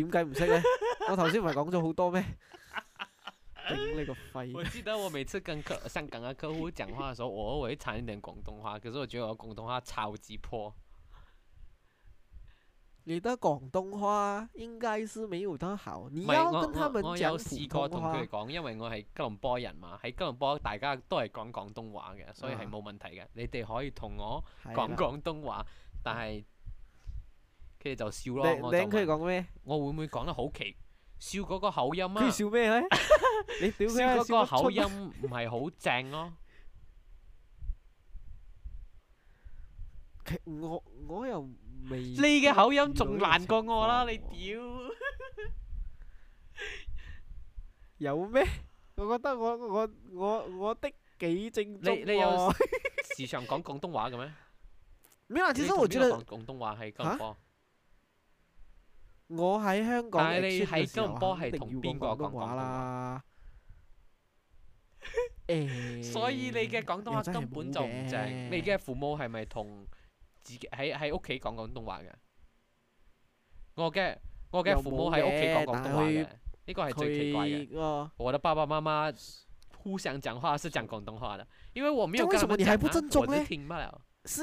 點解唔識咧？我頭先唔係講咗好多咩？頂你個肺！我記得我每次跟客香港嘅客戶講話嘅時候，我會嘗試點廣東話，可是我覺得我廣東話超級破。你的廣東話應該是沒有他好，你要跟他們講普通話。我有試過同佢哋講，因為我係吉隆坡人嘛，喺吉隆坡大家都係講廣東話嘅，所以係冇問題嘅。你哋可以同我講廣東話，但係。跟住就笑咯，我就佢講咩，我會唔會講得好奇笑嗰個口音啊？佢笑咩咧？你屌佢啊！笑嗰個口音唔係好正咯。我我又未。你嘅口音仲難過我啦！你屌。有咩？我覺得我我我我的幾正宗。你你有時常講廣東話嘅咩？唔係啊，其實我覺得講廣東話係咁多。我喺香港，但係你喺金門波係同邊個講話啦、 欸？所以你嘅廣東話根本就唔正。你嘅父母係咪同自己喺喺屋企講廣東話嘅？我嘅我嘅父母喺屋企講廣東話嘅，呢、這個係最奇怪嘅。我的爸爸媽媽互相講話是講廣東話的，因為我沒有。為什麼你還不正宗咧？是。